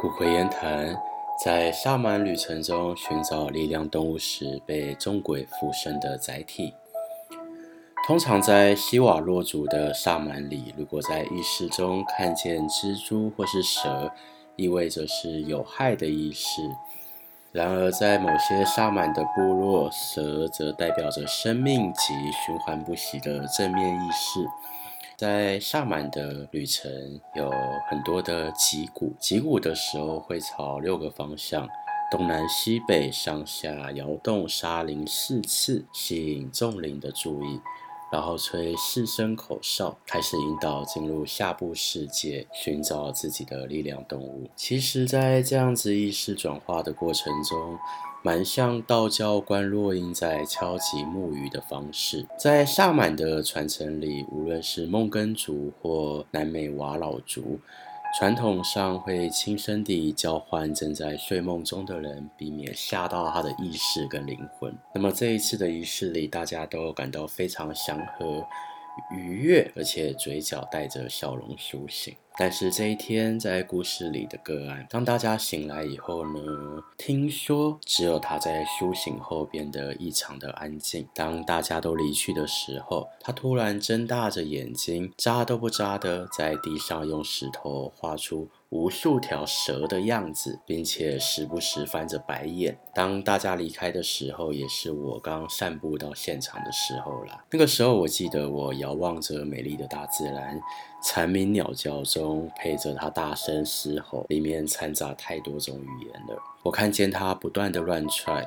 骨灰言談，在薩滿旅程中尋找力量動物時被眾鬼附身的載體。通常在希瓦洛族的薩滿裡，如果在意識中看見蜘蛛或是蛇，意味着是有害的意識。然而，在某些薩滿的部落，蛇則代表着生命及循環不息的正面意識。在薩滿的旅程有很多的擊鼓。擊鼓的時候會朝六個方向，東南西北上下搖動沙鈴四次，吸引眾靈的注意，然後吹四聲口哨，開始引導進入下部世界，尋找自己的力量動物。其實，在這樣子意識轉化的過程中。蠻像道教觀落陰在敲擊木魚的方式。在薩滿的傳承裡，無論是孟根族或南美瓦老族，傳統上會輕聲地叫喚正在睡夢中的人，避免嚇到他的意識跟靈魂。那麼這一次的儀式裡，大家都感到非常祥和愉悅，而且嘴角帶着笑容甦醒。但是這一天，在故事裡的個案，當大家醒來以後呢，聽說只有他在蘇醒後變得異常的安靜。當大家都離去的時候，他突然睜大着眼睛，眨都不眨的，在地上用石頭畫出無數條蛇的樣子，並且時不時翻着白眼。當大家離開的時候，也是我剛散步到現場的時候了。那個時候，我記得我遙望着美麗的大自然。蟬鳴鳥叫中，陪着他大聲嘶吼，裡面摻雜太多種語言了。我看見他不斷地亂踹。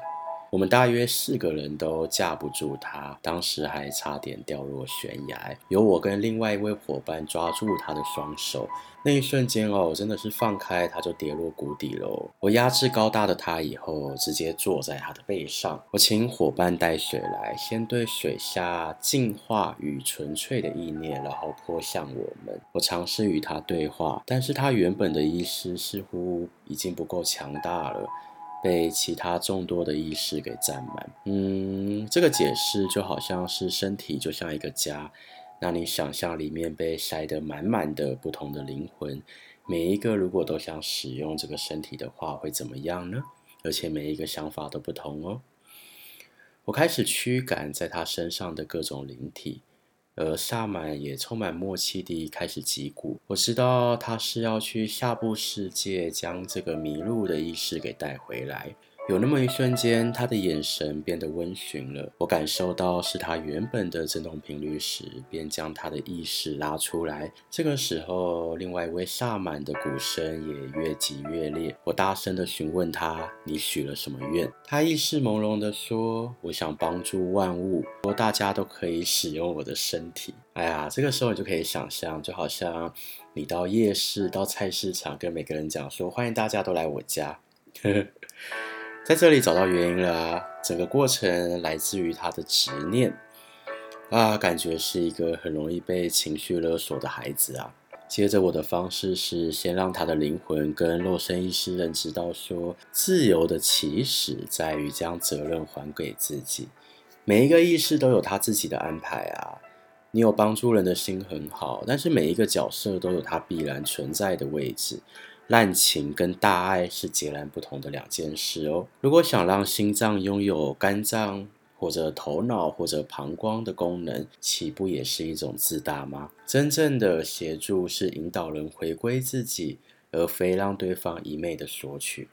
我們大約四個人都架不住他，當時還差點掉落懸崖。有我跟另外一位夥伴抓住他的雙手，那一瞬間哦，我真的是放開，他就跌落谷底嘍哦。我壓制高大的他以後，直接坐在他的背上。我請夥伴帶水來，先對水下淨化與純粹的意念，然後潑向我們。我嘗試與他對話，但是他原本的意識似乎已經不夠強大了，被其他眾多的意識給佔滿，嗯，這個解釋就好像是身體就像一個家，那你想象裡面被塞得滿滿的不同的靈魂，每一個如果都想使用這個身體的話，會怎麼樣呢？而且每一個想法都不同哦。我開始驅趕在他身上的各種靈體。而薩滿也充滿默契地開始擊鼓。我知道他是要去下部世界，將這個迷路的意識給帶回來。有那麼一瞬間，他的眼神變得溫馴了。我感受到是他原本的振動頻率時，便將他的意識拉出來。這個時候，另外一位薩滿的鼓聲也越急越烈。我大聲地詢問他：“你許了什麼願？”他意識朦朧地說：“我想幫助萬物，說大家都可以使用我的身體。”哎呀，這個時候你就可以想象，就好像你到夜市、到菜市場，跟每個人講說：“歡迎大家都來我家。 ”在這裡找到原因了，整個過程來自於他的執念啊，感覺是一個很容易被情緒勒索的孩子啊。接着我的方式是先讓他的靈魂跟肉身意識認知到說，自由的起始在於將責任還給自己。每一個意識都有他自己的安排啊，你有幫助人的心很好，但是每一個角色都有他必然存在的位置。濫情跟大愛是截然不同的兩件事哦。如果想讓心臟擁有肝臟或者頭腦或者膀胱的功能，豈不也是一種自大嗎？真正的協助是引導人回歸自己，而非讓對方一昧的索取。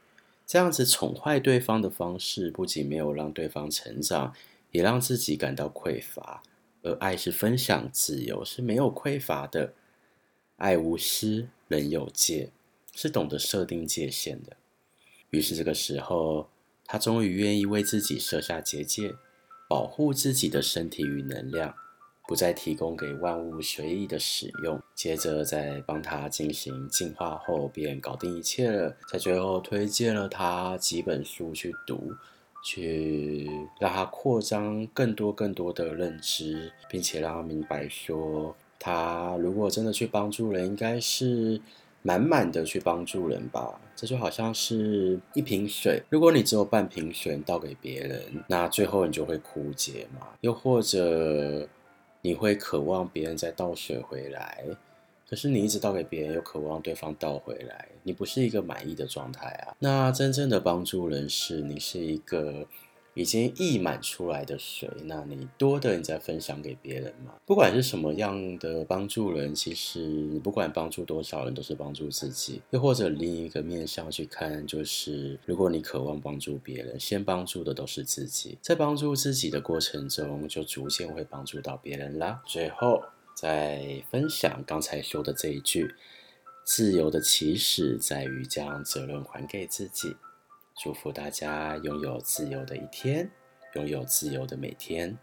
這樣子寵壞對方的方式，不僅沒有讓對方成長，也讓自己感到匱乏。而愛是分享自由，是沒有匱乏的。愛無私，人有界。是懂得設定界限的，於是這個時候，他終於願意為自己設下結界，保護自己的身體與能量，不再提供給萬物隨意的使用。接着，在幫他進行進化後，便搞定一切了。在最後，推薦了他幾本書去讀，去讓他擴張更多更多的認知，並且讓他明白說，他如果真的去幫助人，應該是。滿滿的去幫助人吧，這就好像是一瓶水，如果你只有半瓶水倒給別人，那最後你就會枯竭嘛。又或者，你會渴望別人再倒水回來，可是你一直倒給別人，又渴望對方倒回來，你不是一個滿意的狀態啊。那真正的幫助人是，你是一個。已經溢滿出來的水，那你多的你再分享給別人嘛。不管是什麼樣的幫助人，其實不管幫助多少人，都是幫助自己。又或者另一個面向去看，就是如果你渴望幫助別人，先幫助的都是自己，在幫助自己的過程中，就逐漸會幫助到別人啦。最後再分享剛才說的這一句：自由的起始在於將責任還給自己。祝福大家擁有自由的一天，擁有自由的每天。